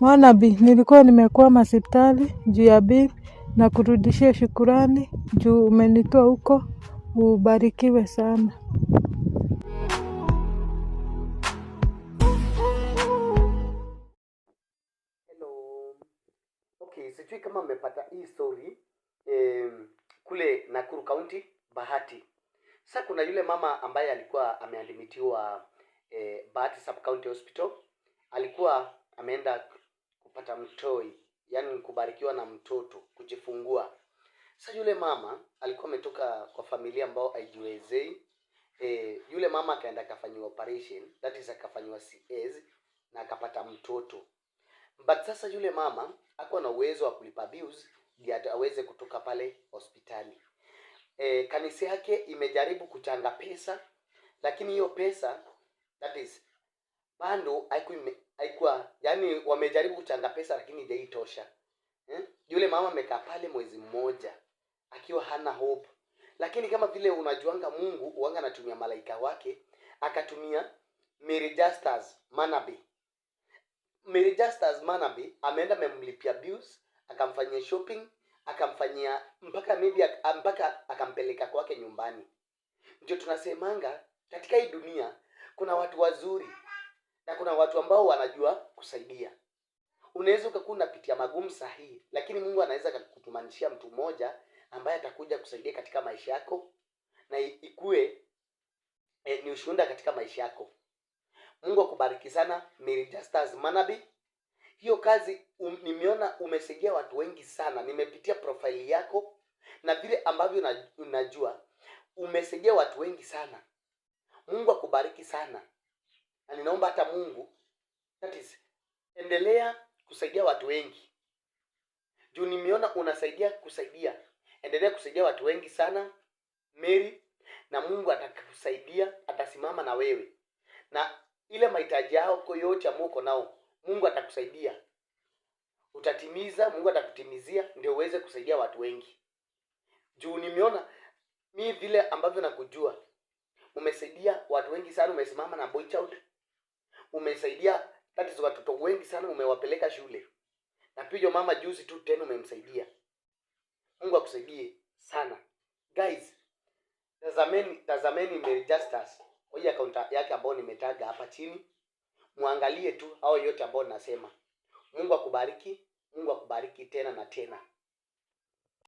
Mwana bi, nilikuwa nimekwama sipitali juu ya bi na kurudishia shukurani juu umenitoa huko. Ubarikiwe sana. Hello. Okay, sijui kama mmepata hii story eh, kule Nakuru County Bahati. Sasa kuna yule mama ambaye alikuwa amealimitiwa eh, Bahati Sub County Hospital, alikuwa ameenda kupata mtoi, yani kubarikiwa na mtoto kujifungua. Sasa yule mama alikuwa ametoka kwa familia ambayo haijiwezei. E, yule mama akaenda akafanyiwa operation that is akafanyiwa CS na akapata mtoto, but sasa yule mama hakuwa na uwezo wa kulipa bills ndio aweze kutoka pale hospitali. E, kanisa yake imejaribu kuchanga pesa, lakini hiyo pesa that is bado haikuwa yani, wamejaribu kuchanga pesa lakini haijatosha eh? Hmm? Yule mama amekaa pale mwezi mmoja akiwa hana hope, lakini kama vile unajuanga Mungu uanga anatumia malaika wake, akatumia Manabi. Manabi ameenda amemlipia bills, akamfanyia shopping, akamfanyia mpaka maybe ah, mpaka akampeleka kwake nyumbani. Ndio tunasemanga katika hii dunia kuna watu wazuri na kuna watu ambao wanajua kusaidia. Unaweza ukakuwa unapitia magumu sahihi, lakini Mungu anaweza kutumanishia mtu mmoja ambaye atakuja kusaidia katika maisha yako na ikue e, ni ushuhuda katika maisha yako. Mungu akubariki sana. Mary Stars Manabi, hiyo kazi um, nimeona umesaidia watu wengi sana. Nimepitia profaili yako na vile ambavyo unajua umesaidia watu wengi sana. Mungu akubariki sana ninaomba hata Mungu that is, endelea kusaidia watu wengi juu nimeona unasaidia kusaidia. Endelea kusaidia watu wengi sana Mary, na Mungu atakusaidia, atasimama na wewe na ile mahitaji yako yote amuko nao, Mungu atakusaidia utatimiza, Mungu atakutimizia ndio uweze kusaidia watu wengi. Juu nimeona mi vile ambavyo nakujua, umesaidia watu wengi sana, umesimama na Boy Child umesaidia tatizo watoto wengi sana umewapeleka shule na pia mama juzi tu tena umemsaidia mungu akusaidie sana guys tazameni tazameni Mary Justus kwa hii yake ambayo nimetaga hapa chini mwangalie tu hao yote ambao nasema mungu akubariki mungu akubariki tena na tena